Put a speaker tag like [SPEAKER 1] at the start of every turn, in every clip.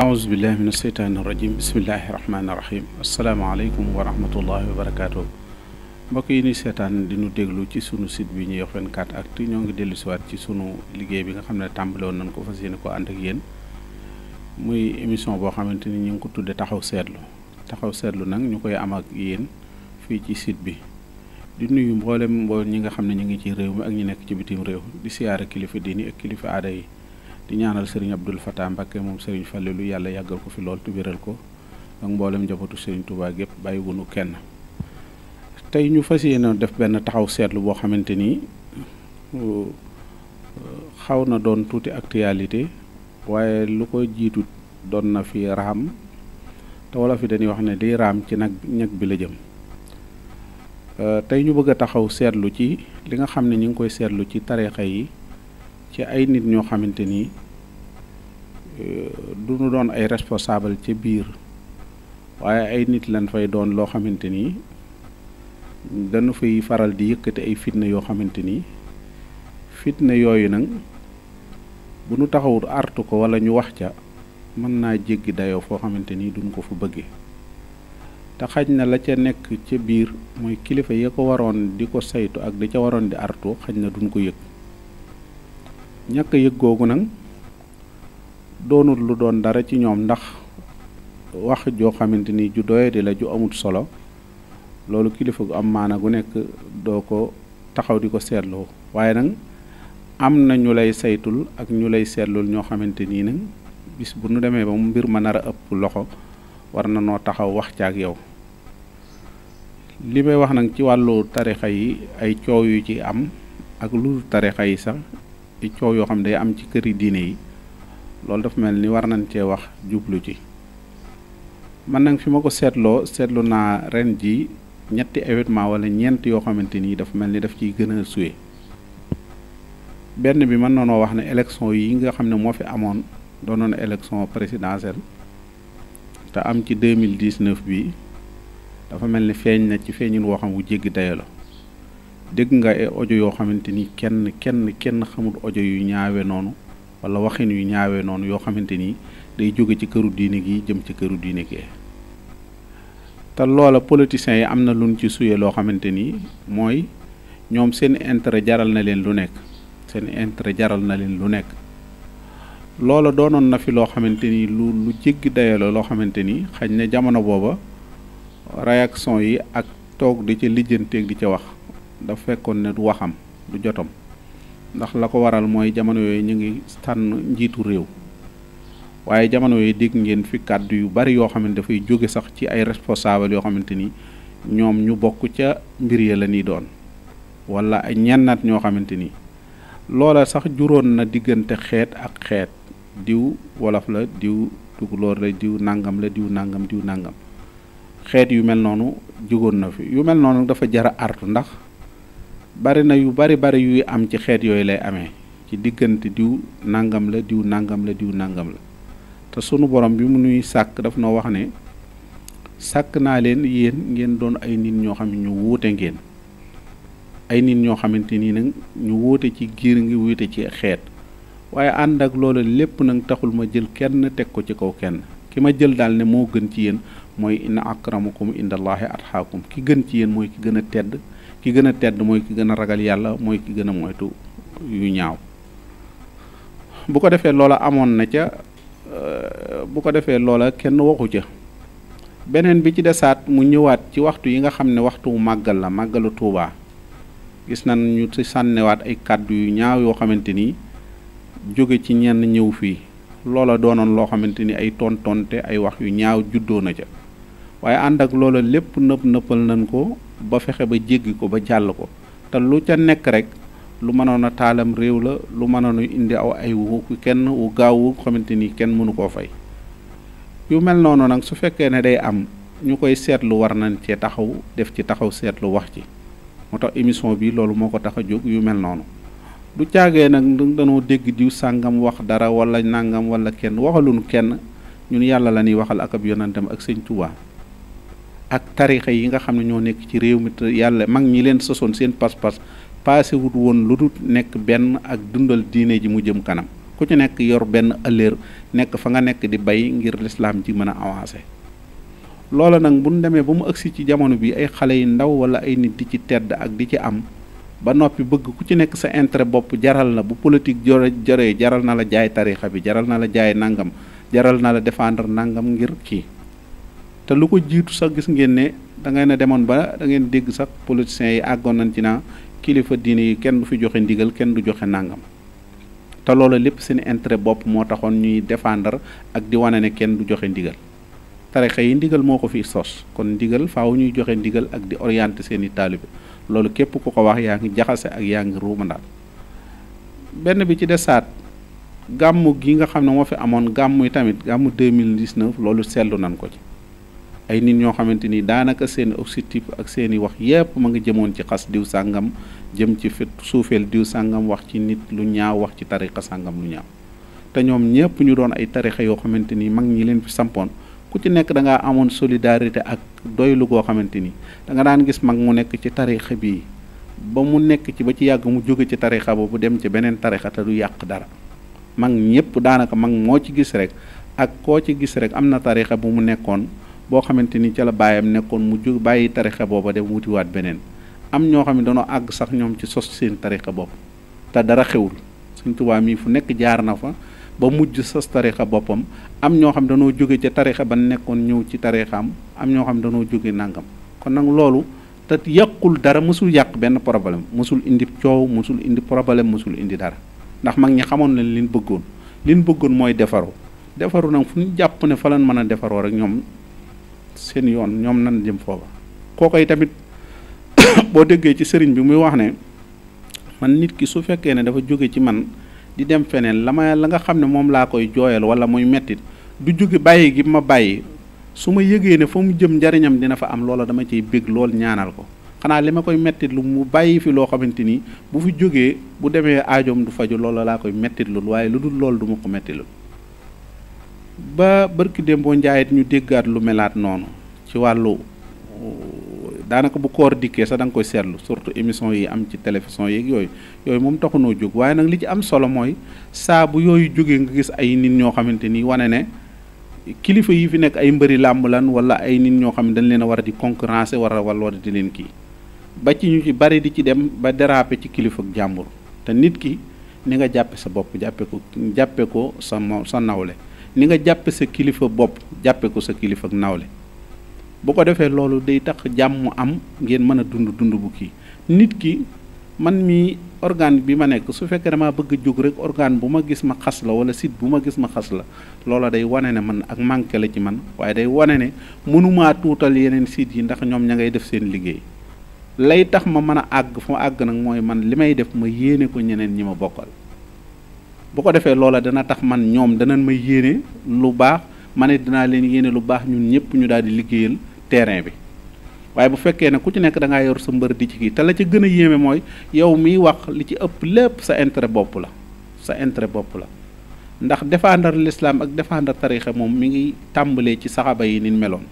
[SPEAKER 1] aousubillah min asheytaan irajim bismillahi rahmaani rahim asalaamaaleykum wa rahmatullahi wa barakatuh mbokk yi ni seetaan di nu déglu ci sunu sit bi ñuy wax 24 ak ñoo ngi dellu siwaat ci sunu liggéey bi nga xam ne tàmbale woon nañ ko fas yéene ko ànd ak yéen muy émission boo xamante ni ñu ngi ko tuddee taxaw seetlu taxaw seetlu nag ñu koy am ak yéen fii ci site bi di nuyu mboolem mbool ñi nga xam ne ñu ngi ci réew mi ak ñi nekk ci bitim réew di kilifa diini ak kilifa aada yi di ñaanal sëriñ Abdul Fatah Mbakke moom sëriñ lu yàlla yàggal ko fi lool te wéral ko ak mboolem njabootu sëriñ Touba gépp bàyyiwunu kenn tey ñu fas yéene def benn taxaw seetlu boo xamante ni euh, xaw na doon tuuti actualité waaye lu ko jiitu doon na fi raam te wala fi dañuy wax ne di raam ci nag ñag bi la jëm euh, tey ñu bëgg a taxaw seetlu ci li nga xam ne ñu ngi koy seetlu ci tarixa yi ci ay nit ñoo xamante ni Euh, du doon ay responsable ca biir waaye ay nit lañ fay doon loo xamante ni dañu fay faral di yëkkati ay fitna yoo xamante ni fitna yooyu nag bu nu taxawut artu ko wala ñu wax ca mën naa jéggi dayoo foo xamante ni duñ ko fa bëggee te xaj na la ca nekk ca biir mooy kilifa yee ko waroon di ko saytu ak di ca waroon di artu xaj na duñ ko yëg ñàkk yëg googu nag. doonul lu doon dara ci ñoom ndax wax joo xamante ni ju doyadi la ju amut solo loolu kilifa gu am maana gu nekk doo ko taxaw di ko seetloo waaye nag am na ñu lay saytul ak ñu lay seetlul ñoo xamante nii nag bis bu nu demee ba mu mbir ma nar a ëpp loxo war na noo taxaw wax ca ak yow li may wax nag ci wàllu tarixa yi ay coow yu ci am ak lu tarixa yi sax i coow yoo xam ne day am ci këri diine yi loolu dafa mel ni war nañ cee wax jublu ci mën nag fi ma ko seetloo seetlu naa ren ji ñetti événement wala ñeent yoo xamante ni dafa mel ni daf ciy gën a suwe benn bi mën noonoo wax ne élection yi nga xam ne moo fi amoon doonoon élection présidentielle te am ci deux mille dix-neuf bi dafa mel ni feeñ na ci feeñin woo xam wu jéggi dayo la dégg nga ay audio yoo xamante ni kenn kenn kenn xamul audio yu ñaawe noonu wala waxin yu ñaawee noonu yoo xamante ni day jóge ci këru diine gi jëm ci këru diine gi te loola politiciens yi am na luñ ci suye loo xamante ni mooy ñoom seen intérêt jaral na leen lu nekk seen intérêt jaral na leen lu nekk loola doonoon na fi loo xamante ni lu lu jéggi dayalo loo xamante ni xañ na jamono booba réaction yi ak toog di ca lijjanteeg di ca wax dafa fekkoon ne du waxam du jotam ndax la ko waral mooy jamono yooyu ñu ngi tànn njiitu réew waaye jamono yooyu dégg ngeen fi kàddu yu bari yoo xam dafay jóge sax ci ay responsable yoo xamante ni ñoom ñu bokk ca mbir ya la ñuy doon wala ay ñennaat ñoo xamante ni loola sax juróon na diggante xeet ak xeet diw wolof la diw tukulóor la diw nangam la diw nangam diw nangam xeet yu mel noonu jógoon na fi yu mel noonu dafa jara artu ndax bari na yu bari bari yuy am ci xeet yooyu lay amee ci diggante diw nangam la diw nangam la diw nangam la te sunu borom bi mu nuy sàkk daf noo wax ne sàkk naa leen yéen ngeen doon ay nit ñoo xam ni ñu wuute ngeen ay nit ñoo xamante nii nag ñu wuute ci giir ngi wuute ci xeet waaye ànd ak loolu lépp nag taxul ma jël kenn teg ko ci kaw kenn ki ma jël daal ne moo gën ci yéen mooy ina inna akramakum indallahi atxaakum ki gën ci yéen mooy ki gën a tedd ki gën a tedd mooy ki gën a ragal yàlla mooy ki gën a moytu yu ñaaw bu ko defee loola amoon na ca euh, bu ko defee loola kenn waxu ca beneen bi ci desaat mu ñëwaat ci waxtu yi nga xam ne waxtu màggal la màggalu tuubaa gis na ñu ci sànnewaat ay kàddu yu ñaaw yoo xamante ni jóge ci ñenn ñëw fii loola doonoon loo xamante ni ay tontonte ay wax yu ñaaw juddoo na ca waaye ànd ak loola lépp nëpp nëppal nañ ko ba fexe ba jéggi ko ba jàll ko te lu ca nekk rek lu mënoon a taalam réew la lu mënoon a indi aw ay wu kenn wu gaaw xamante ni kenn mënu koo fay yu mel noonu nag su fekkee ne day am ñu koy seetlu war nañ cee taxaw def ci taxaw seetlu wax ci moo tax émission bi loolu moo ko tax a jóg yu mel noonu du caagee nag dañoo dégg diw sàngam wax dara wala nàngam wala kenn waxaluñu kenn ñun yàlla la waxal ak ab yonantam ak sëñ Tuubaa ak tarixa yi nga xam ne ñoo nekk ci réew mi te yàlla mag ñi leen sosoon seen pas-pas paasewut woon lu dul nekk benn ak dundal diine ji mu jëm kanam ku ci nekk yor benn ëllëer nekk fa nga nekk di bay ngir lislaam ji mën a avancé loola nag buñ demee ba mu agsi ci jamono bi ay xale yu ndaw wala ay nit di ci tedd ak di ci am ba noppi bëgg ku ci nekk sa intérêt bopp jaral na bu politique jore jore jaral na la jaay tarixa bi jaral na la jaay nangam jaral na la défendre nangam ngir kii te lu ko jiitu sax gis ngeen ne da ngeen demoon ba dangeen dégg sax politiciens yi àggoon nañ ci naa kilifa diine yi kenn du fi joxe ndigal kenn du joxe nàngam te loolu lépp seen intérêt bopp moo taxoon ñuy défendre ak di wane ne kenn du joxe ndigal tarixa yi ndigal moo ko fi sos kon ndigal faaw ñuy joxe ndigal ak di orienter seen i taalibe loolu képp ku ko wax yaa ngi jaxase ak yaa ngi ruumandaal benn bi ci desaat gàmmu gi nga xam ne moo fi amoon gàmmu yi tamit gàmmu 2019 loolu seetlu nañ ko ci ay nit ñoo xamante ni daanaka seen objectif ak seeni wax yépp ma nga jëmoon ci xas diw sàngam jëm ci fit suufeel diw sàngam wax ci nit lu ñaaw wax ci tarixa sàngam lu ñaaw te ñoom ñépp ñu doon ay tarixa yoo xamante ni mag ñi leen fi sampoon ku ci nekk da amoon solidarité ak doylu goo xamante ni da daan gis mag mu nekk ci tarixa bii ba mu nekk ci ba ci yàgg mu jóge ci tarixa boobu dem ci beneen tarixa te du yàq dara mag ñépp daanaka mag moo ci gis rek ak koo ci gis rek am na tarixa bu mu nekkoon boo xamante ni ca la baayam nekkoon mu jóg bàyyi tarixa booba dem wutiwaat beneen am ñoo xam ne dañoo àgg sax ñoom ci sos seen tarixa bopp te dara xewul Sëñ Tuubaa mii fu nekk jaar na fa ba mujj sos tarixa boppam am ñoo xam danoo jóge ca tarixa ba nekkoon ñëw ci tarixaam am ñoo xam danoo jóge nangam kon nag loolu te yàqul dara mësul yàq benn problème mësul indi coow mosul indi problème mësul indi dara ndax mag ñi xamoon nañ liñ bëggoon liñ bëggoon mooy defaru defaru nag fu ñu jàpp ne fa lañ mën a defaroo rek ñoom seen yoon ñoom nan jëm foofa kooku yi tamit boo déggee ci sëriñ bi muy wax ne man nit ki su fekkee ne dafa jóge ci man di dem feneen la ma la nga xam ne moom laa koy jooyal wala muy mettit du jóge bàyyi gi ma bàyyi su ma yëgee ne fa mu jëm njariñam dina fa am loola dama ciy bég lool ñaanal ko xanaa li ma koy mettitlu mu bàyyi fi loo xamante ni bu fi jógee bu demee aajoom du faju loola laa koy mettitlu waaye lu dul lool duma ma ko mettitlu ba bërki démboo boo ñu déggaat lu melaat noonu ci wàllu daanaka bu koor dikkee sax da koy seetlu surtout émission yi am ci télévision yeeg yooyu yooyu moom taxunoo jóg waaye nag li ci am solo mooy saabu yooyu jógee nga gis ay nit ñoo xamante ni wane ne kilifa yi fi nekk ay mbëri làmb lan wala ay nit ñoo xam ne dañ leen war a di concurrencer war a wala war di leen kii ba ci ñu ci bari di ci dem ba déraper ci kilifa ak jàmbur te nit ki ni nga jàppe sa bopp jàppe ko jàppe ko sa sa nawle ni nga jàppe sa kilifa bopp jàppe ko sa kilifa ak nawle bu ko defee loolu day tax jàmm am ngeen mën a dund dund bu kii nit ki man mii organe bi ma nekk su fekkee damaa bëgg a jóg rek organe bu ma gis ma xas la wala site bu ma gis ma xas la loola day wane ne man ak manqué la ci man waaye day wane ne mënumaa tuutal yeneen site yi ndax ñoom ña ngay def seen liggéey lay tax ma mën a àgg fu àgg nag mooy man li may def ma yéene ko ñeneen ñi ma bokkal bu ko defee loola dana tax man ñoom danañ may yéene lu baax man it dinaa leen yéene lu baax ñun ñëpp ñu daal di liggéeyal terrain bi waaye bu fekkee ne ku ci nekk da ngaa yor sa mbër di ci kii te la ca gën a yéeme mooy yow mi wax li ci ëpp lépp sa intérêt bopp la sa intérêt bopp la ndax défendre lislaam ak défendre tarixa moom mi ngi tàmbalee ci saxaba yi ni meloon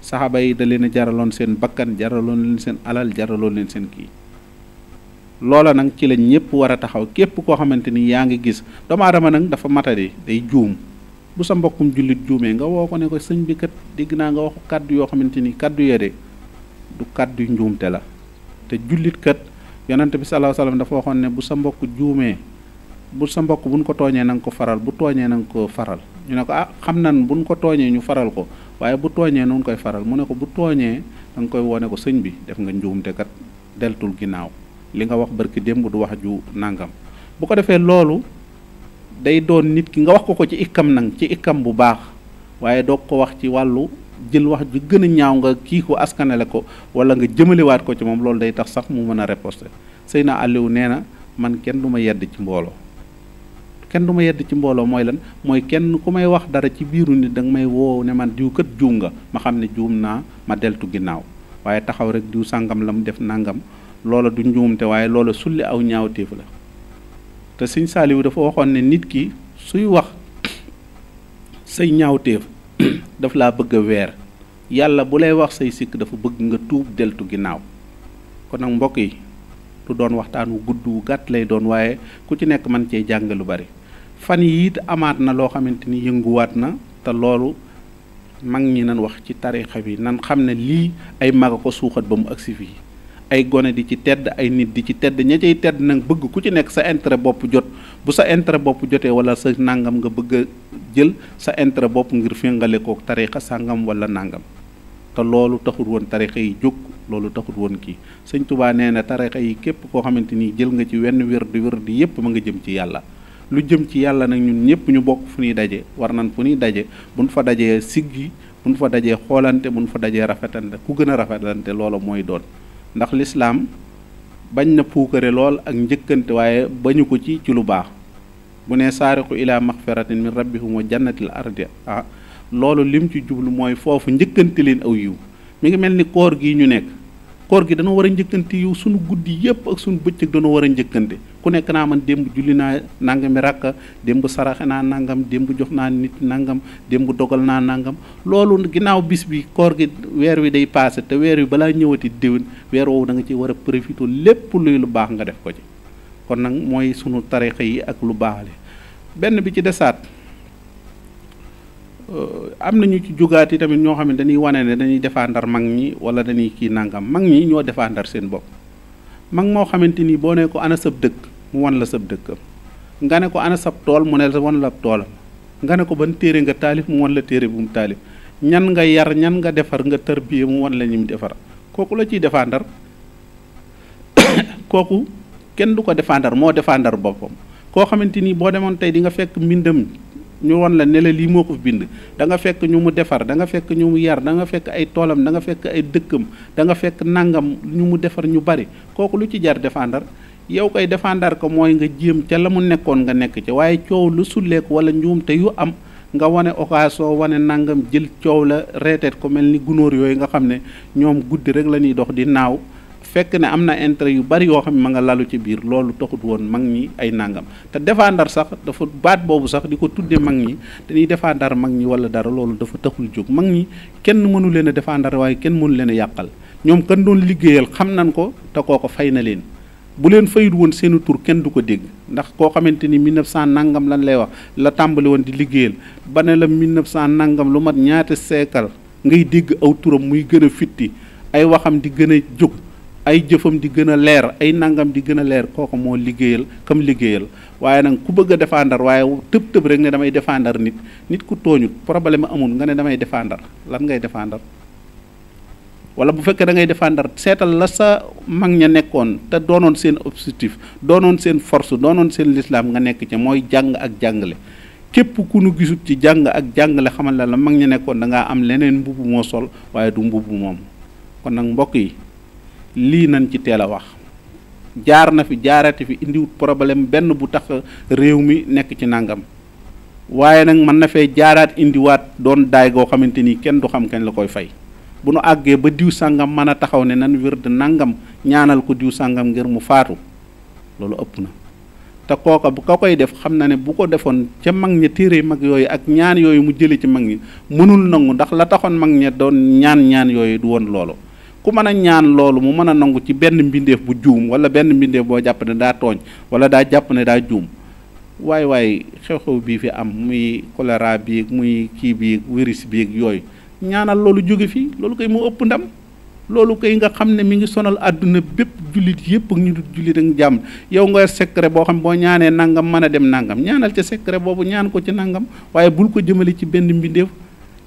[SPEAKER 1] saxaba yi da leen a jaraloon seen bakkan jaraloon leen seen alal jaraloon leen seen kii loola nag ci la ñëpp war a taxaw képp koo xamante ni yaa ngi gis doomu aadama nag dafa matadi day juum bu sa mbokkum jullit juume nga woo ko ne ko sëñ bi kat dégg naa nga wax kàddu yoo xamante ni kàddu ya de du kàddu njuumte la te jullit kat bi sallallahu alayhi wasallam dafa waxoon ne bu sa mbokk juumee bu sa mbokk buñ ko tooñee na nga ko faral bu tooñee na nga ko faral ñu ne ko ah xam nan buñ ko tooñee ñu faral ko waaye bu tooñee nun koy faral mu ne ko bu tooñee da nga koy wone ko sëñ bi def nga njuumte kat deltul ginnaaw li nga wax barki démb du wax ju nangam bu ko defee loolu day doon nit ki nga wax ko ko ci ikkam nag ci ikkam bu baax waaye doo ko wax ci wàllu jël wax ju gën a ñaaw nga kii ko askanale ko wala nga jëmalewaat ko ci moom loolu day tax sax mu mën a riposte Seyna Aliou nee na man kenn du ma yedd ci mbooloo kenn du ma yedd ci mbooloo mooy lan mooy kenn ku may wax dara ci biiru nit da nga may woow ne man diw kat juum nga ma xam ne juum naa ma deltu ginnaaw waaye taxaw rek diw sàngam la mu def nangam loola du njuumte waaye loola sulli aw ñaawteef la te sëñ saaliwu dafa waxoon ne nit ki suy wax say ñaawteef daf laa bëgg a weer yàlla bu lay wax say sikk dafa bëgg nga tuub deltu ginnaaw kon nag mbokk yi lu doon waxtaan wu gudd wu gàtt lay doon waaye ku ci nekk man cee jàng lu bari fan yii it amaat na loo xamante ni yënguwaat na te loolu mag ñi nan wax ci tarixa bi nan xam ne lii ay mag a ko suuxat ba mu agsi fii ay gone di ci tedd ay nit di ci tedd ña cay tedd nag bëgg ku ci nekk sa intérêt bopp jot bu sa intérêt bopp jotee wala sa nàngam nga bëgg jël sa intérêt bopp ngir fingale kook tariixa sàngam wala nàngam te loolu taxul woon tariixa yi jóg loolu taxul woon kii sëñ Tuubaa nee na tariixa yi képp koo xamante ni jël nga ci wenn wér di wër di yépp ma nga jëm ci yàlla lu jëm ci yàlla nag ñun ñëpp ñu bokk fu ñuy daje war nañ fu nuy daje buñ fa dajee siggi buñ fa dajee xoolante buñ fa dajee rafetante ku gën a rafetante loola mooy doon ndax lislaam bañ na puukare lool ak njëkkante waaye bañu ko ci ci lu baax bu ne ko saariqu ilaa maxfiratin min rabbihum wa jannatil ardi ah loolu lim ci jublu mooy foofu njëkkante leen aw yiw mi ngi mel ni koor gii ñu nekk koor gi dana war a njëkkante yow sunu guddi yëpp ak sunu bëccëg dana war a njëkkante ku nekk naa man démb julli naa nangami rakka démb saraxe naa nangam démb jox naa nit nangam démb dogal naa nangam loolu ginnaaw bis bi koor gi weer wi day paase te weer wi balaa ñëwati déwén weer woowu danga nga ci war a profité lépp luy lu baax nga def ko ci kon nag mooy sunu tarixa yi ak lu baax benn bi ci desaat Euh, am na ñu ci jugaat yi tamit ñoo xam ne dañuy wane ne dañuy défendre mag ñi wala dañuy kii nangam mag ñi ñoo défendre seen bopp mag moo xamante ni boo ne ko ana sab dëkk wan la sab dëkkam nga ne ko ana sab tool mu ne la wan la toolam nga ne ko ban téere nga taalif mu wan la téere bu mu ñan nga yar ñan nga defar nga tarbiyee mu wan la ñu defar kooku la ciy défendre kooku kenn du ko défendre moo défendre boppam koo xamante ni boo demoon tey di nga fekk mbindam. ñu won la ne la lii moo ko bind da nga fekk ñu mu defar da nga fekk ñu mu yar danga fekk ay toolam da fekk ay dëkkam danga fekk nangam ñu mu defar ñu bari kooku lu ci jar défendre yow koy défendre ko mooy nga jéem ca la mu nekkoon nga nekk ca waaye coow lu suleek wala njuum te yu am nga wane occasion wane nangam jël coow la reeteet ko mel ni gunóor yooyu nga xam ne ñoom guddi rek la ñuy dox di naaw fekk ne am na intérêt yu bari yoo xam ne ma nga lalu ci biir loolu taxut woon mag ñi ay nangam te défendre sax dafa baat boobu sax di ko tuddee mag ñi dañuy défendre mag ñi wala dara loolu dafa taxul jóg mag ñi kenn mënu leen a défendre waaye kenn mënu leen a yàqal ñoom kan doon liggéeyal xam nañ ko te kooko fay na leen bu leen fayut woon seen tur kenn du ko dégg ndax koo xamante ni 1900 nangam lan lay wax la tàmbali woon di liggéeyal ba ne la 1900 nangam lu mat ñaata seekal ngay dégg aw turam muy gën a fitti ay waxam di gën a jóg ay jëfam di gën a leer ay nangam di gën a leer kooku moo liggéeyal comme liggéeyal waaye nag ku bëgg a défendre waaye tëb tëb rek ne damay défendre nit nit ku tooñu problème amul nga ne damay défendre lan ngay défendre wala bu fekkee da ngay défendre seetal la sa mag ña nekkoon te doonoon seen objectif doonoon seen force doonoon seen lislaam nga nekk ci mooy jàng ak jàngale képp ku nu gisut ci jàng ak jàngale xamal la la mag ña nekkoon da ngaa am leneen mbubb moo sol waaye du mbubb moom kon nag mbokk yi. lii nañ ci teel a wax jaar na fi jaarate fi indiwut problème benn bu tax réew mi nekk ci nangam waaye nag mën na fee jaaraat indiwaat doon daay goo xamante ni kenn du xam kenn la koy fay bu nu àggee ba diw sàngam mën a taxaw ne nan wér de nangam ñaanal ko diw sàngam ngir mu faatu loolu ëpp na te kooka bu ko koy def xam na ne bu ko defoon ca mag ña téere mag yooyu ak ñaan yooyu mu jëlee ci mag ñi mënul nangu ndax la taxoon mag ña doon ñaan ñaan yooyu du woon loolu ku mën a ñaan loolu mu mën a nangu ci benn mbindeef bu juum wala benn mbindeef boo jàpp ne daa tooñ wala daa jàpp ne daa juum waaye waaye xew-xew bii fi am muy choléra bi muy kii bi virus bi yooyu ñaanal loolu jóge fii loolu koy mu ëpp ndam loolu koy nga xam ne mi ngi sonal àdduna bépp jullit yëpp ak ñu dul jullit ak jàmm yow nga secret boo xam boo ñaanee nangam mën a dem nangam ñaanal ca secret boobu ñaan ko ci nangam waaye bul ko jëmale ci benn mbindeef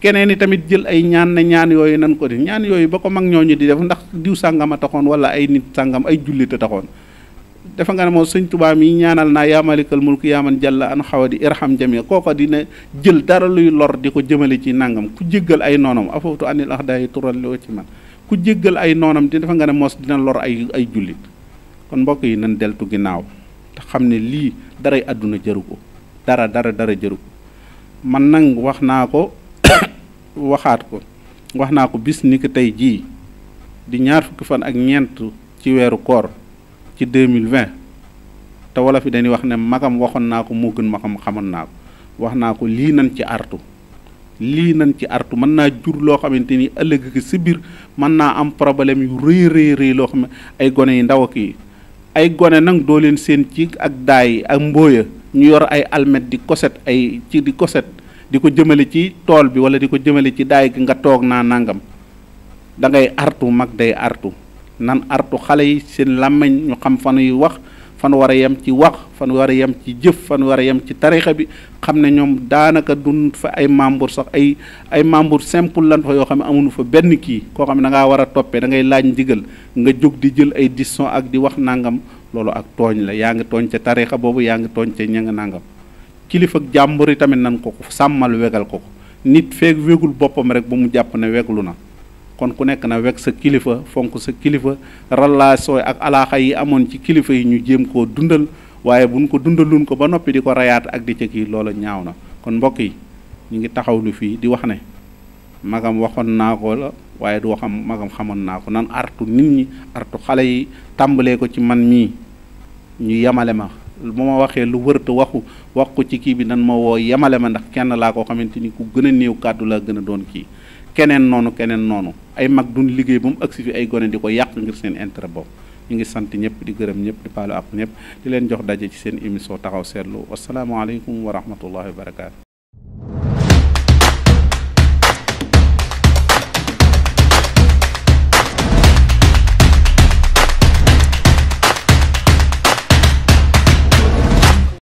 [SPEAKER 1] keneen i tamit jël ay ñaan ne ñaan yooyu nan ko di ñaan yooyu ba ko mag ñooñu di def ndax diw sàngam a taxoon wala ay nit sàngam ay jullit a taxoon defe nga ne moom sëñ Tuubaa mi ñaanal naa yaa malikal mulk yaa man jalla an xawa di irham jami kooko dina jël dara luy lor di ko jëmale ci nangam ku jéggal ay noonam afootu anil ax daayi tural loo ci man ku jéggal ay noonam di defe nga ne moos dina lor ay ay jullit kon mbokk yi nan deltu ginnaaw te xam ne lii daray àdduna jëru ko dara dara dara jëru ko man nag wax naa ko waxaat ko wax naa ko bis ni ko tey jii di ñaar fukki fan ak ñeent ci weeru koor ci deux mille vingt te wolof yi dañuy wax ne magam waxoon naa ko moo gën ma xamoon naa ko wax naa ko lii nañ ci artu lii nañ ci artu mën naa jur loo xamante ni ëllëg ki si biir mën naa am problème yu rëy rëy rëy loo xam ne ay gone yu ndaw ak yi ay gone nag doo leen seen ci ak daay ak mbóoya ñu yor ay almet di koset ay ci di koset di ko jëmale ci tool bi wala di ko jëmale ci daay gi nga toog naa nangam da ngay artu mag day artu nan artu xale yi seen làmmiñ ñu xam fan yu wax fan war a yem ci wax fan war a yem ci jëf fan war a yem ci tarixa bi xam ne ñoom daanaka dun fa ay membre sax ay ay membre simple lan fa yoo xam ne amuñu fa benn kii koo xam ne da ngaa war a toppee da ngay laaj njigal nga jóg di jël ay décision ak di wax nangam loolu ak tooñ la yaa ngi tooñ ca tarixa boobu yaa ngi tooñ ca ña nga nangam kilifa ak jàmbur yi tamit nan ko ko sàmmal wegal ko nit feeg wegul boppam rek ba mu jàpp ne weglu na kon ku nekk na weg sa kilifa fonk sa kilifa relation ak alaaxa yi amoon ci kilifa yi ñu jéem koo dundal waaye buñ ko dundaluñ ko ba noppi di ko rayaat ak di ca kii loola ñaaw na kon mbokk yi ñu ngi taxawlu fii di wax ne magam waxoon naa ko la waaye du waxam magam xamoon naa ko nan artu nit ñi artu xale yi tàmbalee ko ci man mii ñu yemale ma bu ma waxee lu wërta waxu wax ko ci kii bi nan ma woo yemale ma ndax kenn laa koo xamante ni ku gën a néew kàddu laa gën a doon kii keneen noonu keneen noonu ay mag duñ liggéey ba mu agsi fi ay gone di ko yàq ngir seen intérêt bopp ñu ngi sant ñëpp di gërëm ñëpp di paalu ak ñëpp di leen jox daje ci seen émission taxaw seetlu wasalaamualeykum wa rahmatullahi wa barakaatu.